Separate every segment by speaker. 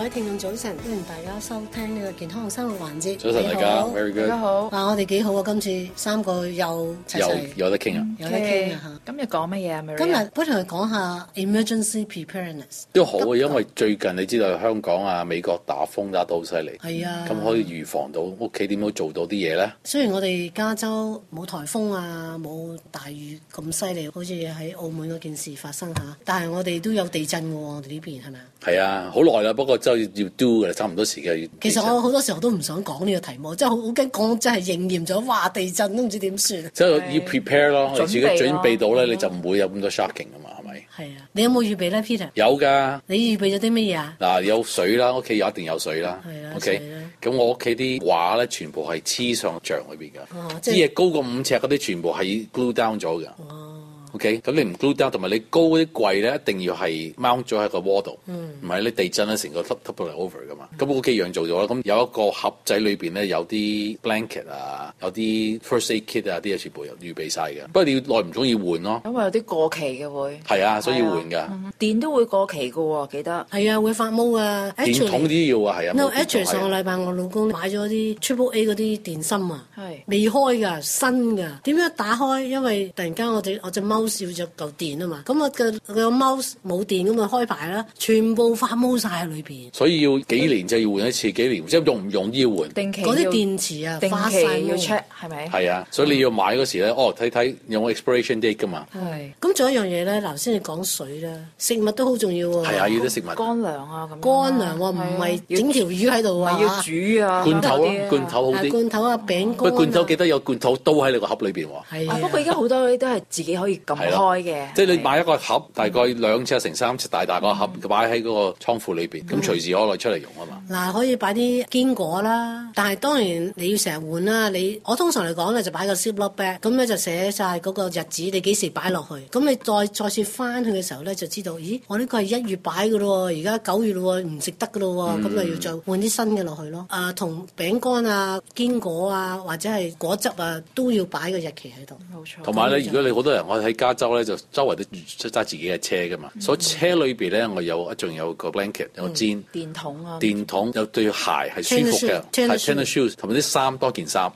Speaker 1: 各位聽眾早晨，歡迎大家收聽呢個健康生活環節。早晨大家你好，Very good，大家好。哇，我哋幾好啊！今次三個又齊，齊有得傾啊，有得傾啊吓、okay. 嗯嗯嗯嗯嗯嗯。今日講乜嘢啊、Maria? 今日不如講下 emergency preparedness
Speaker 2: 都好啊，因為最近你知道香港啊、美國打風打到好犀利，係啊，咁、啊、可以預防到屋企點樣做到啲嘢咧？
Speaker 1: 雖然我哋加州冇颱風啊，冇大雨咁犀利，好似喺澳門嗰件事發生吓，但係我哋都有地震嘅、啊、喎，我哋呢邊係咪啊？
Speaker 2: 係啊，好耐啦，不過要 do 嘅差唔多時間。要其
Speaker 1: 實我好多時候都唔想講呢個題目，很真係好驚講，真係應驗咗話地震都唔知點算。即係要
Speaker 2: prepare 咯，你自己準備到咧，你就唔會有咁多 shocking 㗎嘛，係咪？
Speaker 1: 係啊，你有冇預備咧，Peter？
Speaker 2: 有㗎。
Speaker 1: 你預備咗啲乜嘢啊？
Speaker 2: 嗱，有水啦，屋企有一定有水啦。係 啊。OK。咁我屋企啲畫咧，全部係黐上牆裏邊㗎。哦。啲嘢高過五尺嗰啲，全部係 glue down 咗㗎。哦。OK，咁你唔 glue down，同埋你高嗰啲櫃咧一定要係 mount 咗喺個 wall 度，唔係你地震咧成個 top top 落嚟 over 噶嘛。咁我幾樣做咗啦，咁有一個盒仔裏邊咧有啲 blanket 啊，有啲 first aid kit 啊，啲嘢全部預備晒嘅、嗯。不過你要耐唔中意換咯，因為
Speaker 3: 有啲過期
Speaker 1: 嘅
Speaker 2: 會，係啊，所以要換㗎、嗯。
Speaker 1: 電都會過期嘅喎、啊，記得。係啊，會發毛㗎。電筒啲要啊，係啊。No edge 上個禮拜我老公買咗啲 Triple A 嗰啲電芯啊，未開㗎，新㗎。點樣打開？因為突然間我哋我隻貓貓少咗嚿電啊嘛，咁、那、啊，個 mouse 冇電咁啊、那個、開牌啦，全部發毛晒喺裏邊。
Speaker 2: 所以要幾年就要換一次， 幾年即係用唔用要換。定
Speaker 1: 期嗰啲電池啊，定期發細要 check
Speaker 3: 係
Speaker 2: 咪？係啊，所以你要買嗰時咧、嗯，哦睇睇有冇 expiration date 噶嘛。係。
Speaker 1: 咁仲有一樣嘢咧，頭先你講水啦，食物都好重要喎、啊。係啊，要啲食物。乾糧啊，咁、啊。乾糧唔係整條魚喺度啊要。
Speaker 3: 要
Speaker 2: 煮啊。罐頭，罐頭好啲。罐
Speaker 1: 頭啊，餅
Speaker 3: 乾、啊啊。罐頭
Speaker 2: 記得有罐頭刀喺你個盒裏邊喎、
Speaker 3: 啊。係啊，啊。不過而家好多都係自己可以。開
Speaker 2: 嘅，即係你買一個盒，大概兩尺、成三尺大大個盒，擺喺嗰個倉庫裏邊，咁、嗯、隨時可以出嚟用啊嘛。
Speaker 1: 嗱、嗯，可以擺啲堅果啦，但係當然你要成日換啦。你我通常嚟講咧，就擺個 ziploc bag 咁咧就寫晒嗰個日子，你幾時擺落去。咁你再再次翻去嘅時候咧，就知道，咦，我呢、這個係一月擺噶咯，而家九月咯，唔食得噶咯，咁、嗯、咪要再換啲新嘅落去咯。啊，同餅乾啊、堅果啊，或者係果汁啊，都要擺個日期喺度。冇錯。同埋咧，
Speaker 2: 如果你好多人，我喺加州咧就周圍都出揸自己嘅車噶嘛，mm -hmm. 所以車裏邊咧我有，有仲有個 blanket、mm -hmm. 有煎電
Speaker 3: 筒啊，電
Speaker 2: 筒有對鞋係舒服嘅，係 trainer shoes，同埋啲衫多件衫，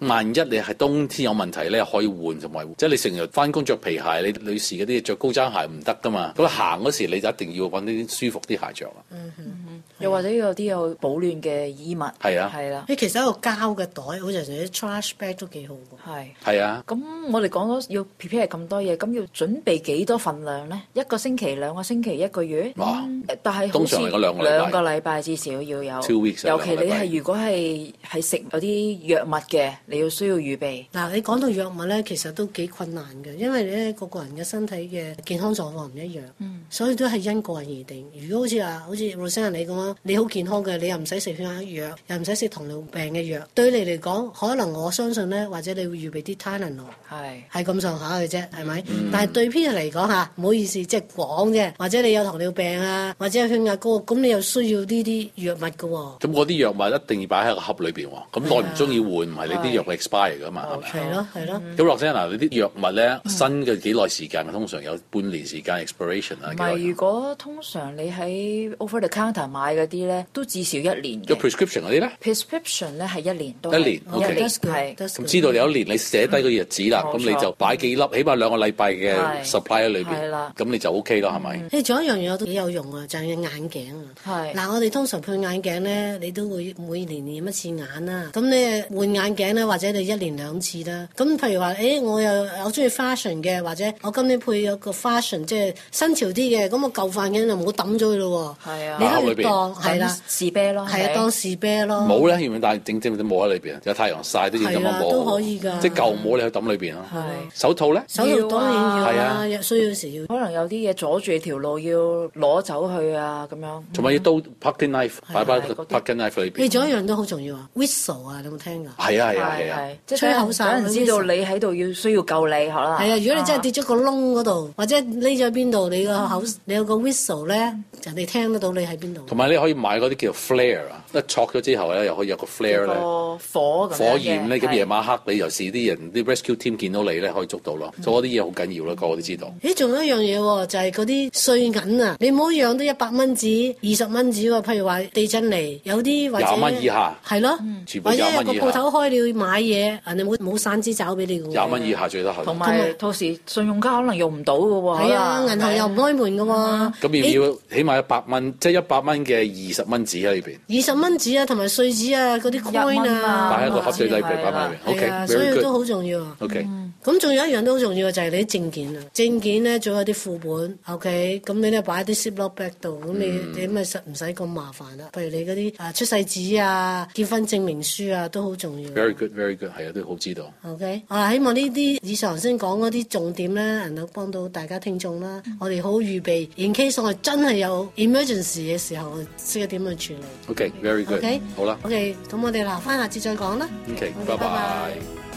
Speaker 2: 萬一你係冬天有問題咧可以換同埋護，即係你成日翻工着皮鞋，你女士嗰啲着高踭鞋唔得噶嘛，咁行嗰時你就一定要揾啲舒服啲鞋着著。
Speaker 1: Mm -hmm. Mm
Speaker 3: -hmm. 又或者有啲有保暖嘅衣物，係啊，係啦。你其實一個膠嘅袋，好似嗰啲 trash bag 都幾好喎。係。
Speaker 4: 係啊。咁
Speaker 3: 我哋講咗要 prepare 咁多嘢，咁要準備幾多份量咧？一個星期、兩個星期、一個月。啊。但係通常係嗰兩個禮拜。兩個禮拜至少要
Speaker 1: 有。Two weeks。尤其你係如
Speaker 3: 果係喺食有啲藥物嘅，你要需要預備。
Speaker 1: 嗱，你講到藥物咧，其實都幾困難嘅，因為咧個個人嘅身體嘅健康狀況唔一樣，嗯，所以都係因個人而定。如果好似啊，好似羅先生你咁樣。你好健康嘅，你又唔使食血壓藥，又唔使食糖尿病嘅藥。對你嚟講，可能我相信咧，或者你會預備啲 Tylenol，係係咁上下嘅啫，係咪、嗯？但係對別人嚟講吓，唔好意思，即、就、係、是、講啫。或者你有糖尿病啊，或者血壓高，咁你又需要呢啲藥物嘅喎、
Speaker 2: 哦。咁嗰啲藥物一定要擺喺個盒裏邊，咁耐唔中意換，唔係你啲藥 expire 嘅嘛，係、嗯、咪？係咯係咯。咁落姐嗱，你啲藥物咧，新嘅幾耐時間啊、嗯？通常有半年時間 expiration 啊。唔係，如
Speaker 3: 果通常你喺 over the counter 買。嗰啲咧都至少一年嘅。prescription 嗰啲咧？prescription 咧係一年多。一年，O K，係。咁、okay, okay, 知
Speaker 2: 道你有一年，你寫低個日子啦，咁、嗯、你就擺幾粒、嗯，起碼兩個禮拜嘅 supply 喺裏邊，咁、嗯嗯、你就 O K 咯，係、嗯、咪？你
Speaker 1: 仲有一樣嘢都幾有用有是啊，就係眼鏡啊。係。嗱，我哋通常配眼鏡咧，你都會每年驗一次眼啦。咁你換眼鏡咧，或者你一年兩次啦。咁譬如話，誒、哎，我又好中意 fashion 嘅，或者我今年配咗個 fashion，即係新潮啲嘅，咁我舊塊鏡就唔好抌咗佢咯。係啊，喺裏邊。係啦，士啤咯，係啊，當士啤咯。帽咧，要
Speaker 2: 唔要帶整整啲帽喺裏邊啊？有太陽曬都要咁樣帽。都可以噶。即舊帽你去抌裏邊咯。係。手套咧？手套當然要啦，係啊，
Speaker 1: 需要
Speaker 3: 時要。可能有啲嘢阻住條路要攞走去啊，咁樣。同
Speaker 2: 埋要刀，pocket knife，擺擺到 pocket knife 裏邊。
Speaker 1: 你仲有一樣都好重要啊，whistle 啊，有冇聽
Speaker 3: 啊？係啊係啊係啊。即係
Speaker 1: 吹口哨，唔知道你喺度要需要救你，係嘛？係啊，如果你真係跌咗個窿嗰度，或者匿咗喺邊度，你個口，你有個 whistle 咧，人哋聽得到你喺邊度。
Speaker 2: 同埋你。可以買嗰啲叫 flare 啊。一戳咗之後咧，又可以有個 flare 咧，火
Speaker 1: 咁。
Speaker 3: 火焰咧。咁夜晚
Speaker 2: 黑你又試啲人啲 rescue team 見到你咧，可以捉到咯。做嗰啲嘢好緊要咯，個個都知道。嗯、
Speaker 1: 咦，仲有一樣嘢喎，就係嗰啲碎銀啊！你唔好養到一百蚊紙、二十蚊紙喎。譬如話地震嚟，有啲或者廿蚊以下，係咯，全
Speaker 2: 部廿蚊以下。因為個鋪頭
Speaker 1: 開你要買嘢，人哋冇冇散紙找俾你嘅。廿蚊以
Speaker 2: 下最得嚇。同埋
Speaker 1: 到時信用卡可能用唔
Speaker 2: 到嘅喎，係啊，
Speaker 1: 銀行又唔開門嘅喎、
Speaker 2: 啊。咁、嗯、要要起碼一百蚊？即係一百蚊嘅二十蚊紙喺呢邊。
Speaker 1: 蚊紙啊，同埋碎紙啊，嗰啲、啊、coin 啊，擺喺個盒裏邊
Speaker 2: 擺埋，係啊，okay，所以都好重要。Good. OK，
Speaker 1: 咁仲有一樣都好重要嘅就係、是、你啲證件啊，mm -hmm. 證件咧仲有啲副本。OK，咁你咧擺喺啲 Ziploc bag 度，咁你你咪實唔使咁麻煩啦。Mm -hmm. 譬如你嗰啲啊出世紙啊、結婚證明書啊，都好重要。
Speaker 2: Very good, very good，係啊，都好知道。
Speaker 1: OK，好喇，希望呢啲以上頭先講嗰啲重點咧，能夠幫到大家聽眾啦。Mm -hmm. 我哋好好預備，in case 我真係有 emergency 嘅時候，我識得點樣處理。
Speaker 2: OK。OK，好啦。
Speaker 1: OK，咁我哋留翻下次再講啦。
Speaker 2: OK，拜拜。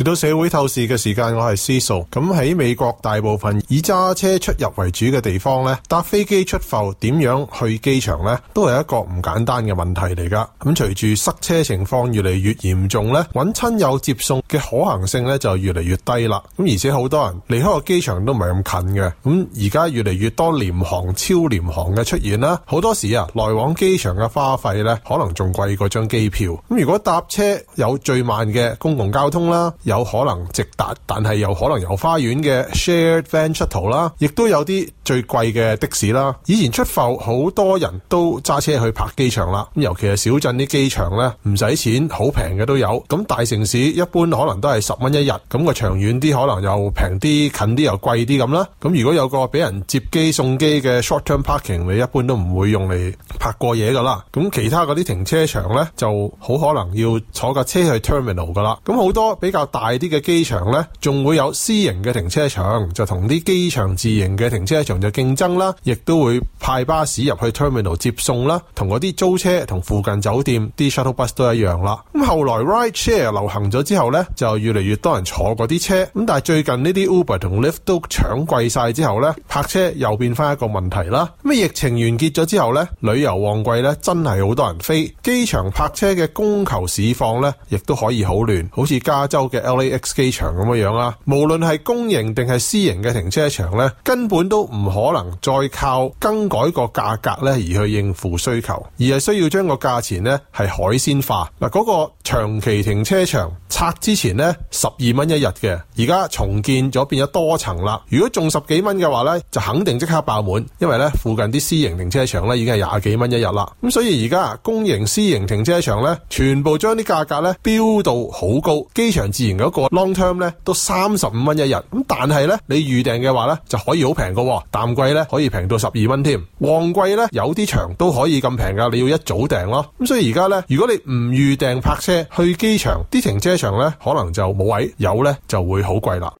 Speaker 5: 嚟到社會透視嘅時間，我係 Cecil。咁喺美國大部分以揸車出入為主嘅地方咧，搭飛機出埠點樣去機場咧，都係一個唔簡單嘅問題嚟噶。咁隨住塞車情況越嚟越嚴重咧，揾親友接送嘅可行性咧，就越嚟越低啦。咁而且好多人離開個機場都唔係咁近嘅。咁而家越嚟越多廉航、超廉航嘅出現啦，好多時啊來往機場嘅花費咧，可能仲貴過張機票。咁如果搭車有最慢嘅公共交通啦。有可能直達，但係又可能由花園嘅 shared van 出頭啦，亦都有啲最貴嘅的，的士啦。以前出埠好多人都揸車去泊機場啦，咁尤其係小鎮啲機場呢，唔使錢，好平嘅都有。咁大城市一般可能都係十蚊一日，咁、個長遠啲可能又平啲，近啲又貴啲咁啦。咁如果有個俾人接機送機嘅 short term parking，你一般都唔會用嚟泊過夜㗎啦。咁其他嗰啲停車場呢，就好可能要坐架車去 terminal 噶啦。咁好多比較大。大啲嘅機場呢，仲會有私營嘅停車場，就同啲機場自營嘅停車場就競爭啦，亦都會派巴士入去 Terminal 接送啦，同嗰啲租車同附近酒店啲 Shuttle Bus 都一樣啦。咁後來 ride share 流行咗之後咧，就越嚟越多人坐嗰啲車。咁但係最近呢啲 Uber 同 Lyft 都搶貴晒之後咧，泊車又變翻一個問題啦。咁疫情完結咗之後咧，旅遊旺季咧真係好多人飛，機場泊車嘅供求市況咧，亦都可以好亂。好似加州嘅 LAX 機場咁嘅樣啦。無論係公營定係私營嘅停車場咧，根本都唔可能再靠更改個價格咧，而去應付需求，而係需要將個價錢咧係海鮮化嗱個。長期停車場拆之前呢，十二蚊一日嘅，而家重建咗變咗多層啦。如果仲十幾蚊嘅話呢，就肯定即刻爆滿，因為呢附近啲私營停車場呢已經係廿幾蚊一日啦。咁所以而家公營私營停車場呢，全部將啲價格呢標到好高。機場自然嗰個 long term 呢，都三十五蚊一日，咁但係呢，你預訂嘅話呢，就可以好平噶，淡季呢，可以平到十二蚊添，旺季呢，有啲場都可以咁平噶，你要一早訂咯。咁所以而家呢，如果你唔預訂拍車去機場啲停車場咧，可能就冇位，有咧就會好貴啦。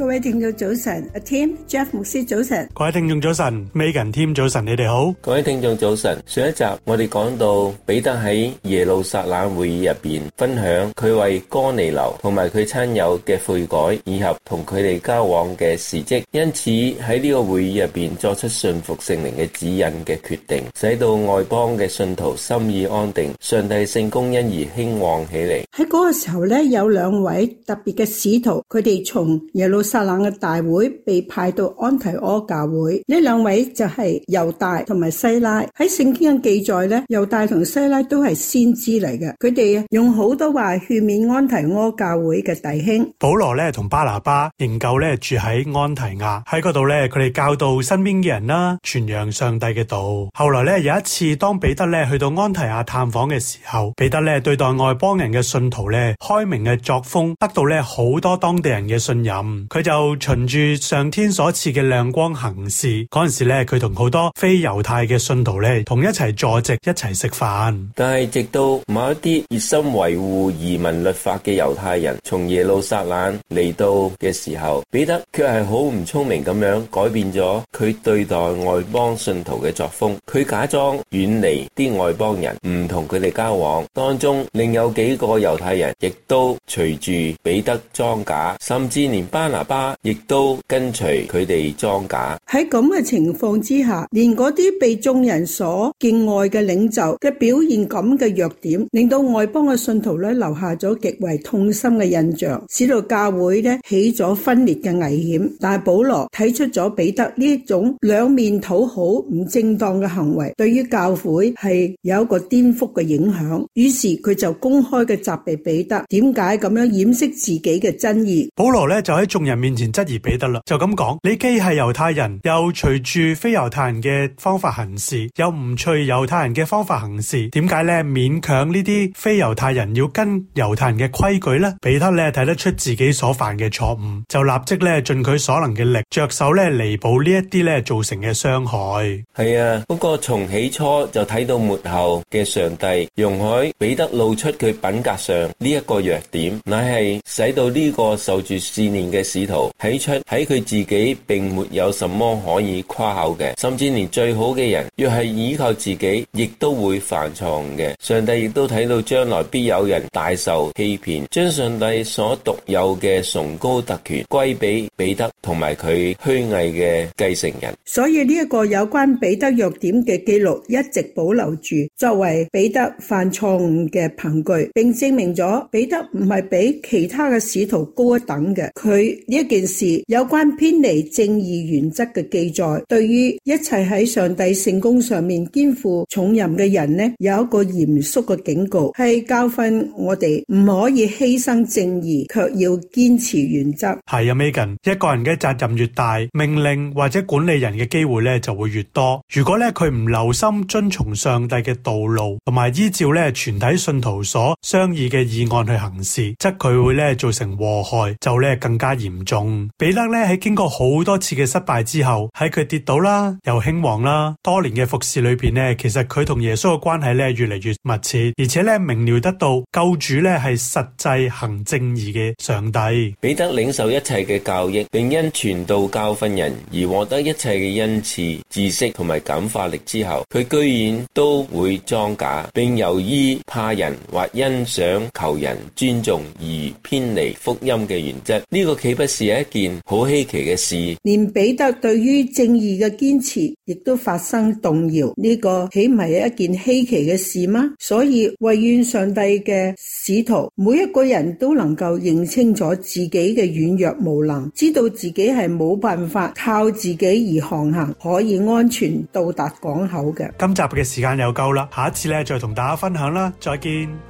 Speaker 6: 各位聽眾早晨阿，Tim、Jeff 牧師早晨，
Speaker 7: 各位聽眾早晨，Megan、Tim 早晨，你哋
Speaker 4: 好，各位聽眾早晨。上一集我哋講到彼得喺耶路撒冷會議入邊分享佢為哥尼流同埋佢親友嘅悔改，以及同佢哋交往嘅事跡，因此喺呢個會議入邊作出信服聖靈嘅指引嘅決定，使到外邦嘅信徒心意安定，上帝聖工因而興旺起嚟。
Speaker 6: 喺嗰個時候咧，有兩位特別嘅使徒，佢哋從耶路撒。撒冷嘅大會被派到安提阿教會，呢兩位就係猶大同埋西拉。喺聖經嘅記載呢，猶大同西拉都係先知嚟嘅，佢哋用好多話勸勉安提阿教會嘅弟兄。
Speaker 7: 保羅呢同巴拿巴仍舊呢住喺安提阿，喺嗰度呢，佢哋教導身邊嘅人啦，傳揚上帝嘅道。後來呢，有一次當彼得呢去到安提阿探訪嘅時候，彼得呢對待外邦人嘅信徒呢，開明嘅作風，得到呢好多當地人嘅信任。佢就循住上天所賜嘅亮光行事。嗰陣時咧，佢同好多非猶太嘅信徒咧，同一齊坐席，一齊食飯。
Speaker 4: 但係直到某一啲熱心維護移民律法嘅猶太人從耶路撒冷嚟到嘅時候，彼得卻係好唔聰明咁樣改變咗佢對待外邦信徒嘅作風。佢假裝遠離啲外邦人，唔同佢哋交往。當中另有幾個猶太人亦都隨住彼得裝假，甚至連巴拿。爸爸亦都跟隨佢哋裝假。
Speaker 6: 喺咁嘅情況之下，連嗰啲被眾人所敬愛嘅領袖嘅表現咁嘅弱點，令到外邦嘅信徒咧留下咗極為痛心嘅印象，使到教會咧起咗分裂嘅危險。但係保羅睇出咗彼得呢種兩面討好唔正當嘅行為，對於教會係有一個顛覆嘅影響。於是佢就公開嘅責備彼得，點解咁樣掩飾自己嘅爭議？
Speaker 7: 保羅咧就喺眾人人面前質疑彼得啦，就咁講，你既係猶太人，又隨住非猶太人嘅方法行事，又唔隨猶太人嘅方法行事，點解咧？勉強呢啲非猶太人要跟猶太人嘅規矩呢？彼得咧睇得出自己所犯嘅錯誤，就立即咧盡佢所能嘅力，着手咧彌補呢一啲咧造成嘅傷害。
Speaker 4: 係啊，嗰個從起初就睇到末後嘅上帝，容許彼得露出佢品格上呢一個弱點，乃係使到呢個受住試煉嘅時。使徒睇出喺佢自己並沒有什麼可以誇口嘅，甚至連最好嘅人若係倚靠自己，亦都會犯錯誤嘅。上帝亦都睇到將來必有人大受欺騙，將上帝所獨有嘅崇高特權歸俾彼得同埋佢虛偽嘅繼承人。所以呢一
Speaker 6: 個有關彼得弱點嘅記錄一直保留住，作為彼得犯錯誤嘅憑據，並證明咗彼得唔係比其他嘅使徒高一等嘅，佢。呢一件事有關偏離正義原則嘅記載，對於一切喺上帝聖工上面肩負重任嘅人呢，有一個嚴肅嘅警告，係教訓我哋唔可以犧牲正義，卻要堅持
Speaker 7: 原則。係啊，Megan，一個人嘅責任越大，命令或者管理人嘅機會呢就會越多。如果呢佢唔留心遵從上帝嘅道路，同埋依照呢全體信徒所商議嘅議案去行事，則佢會呢造成禍害，就呢更加嚴。仲彼得咧喺經過好多次嘅失敗之後，喺佢跌倒啦，又興旺啦，多年嘅服侍裏邊呢，其實佢同耶穌嘅關係咧越嚟越密切，而且咧明了得到救主咧係實際行正義嘅上帝。
Speaker 4: 彼得領受一切嘅教益，並因傳道教訓人而獲得一切嘅恩賜、知識同埋感化力之後，佢居然都會裝假，並由於怕人或欣賞求人尊重而偏離福音嘅原則。呢、這個豈不？是一件好稀奇嘅事，
Speaker 6: 連彼得對於正義嘅堅持亦都發生動搖，呢個豈唔係一件稀奇嘅事嗎？所以，唯願上帝嘅使徒每一個人都能夠認清楚自己嘅軟弱無能，知道自己係冇辦法靠自己而航行，可以安全到達港口嘅。
Speaker 7: 今集嘅時間又夠啦，下一次咧再同大家分享啦，再見。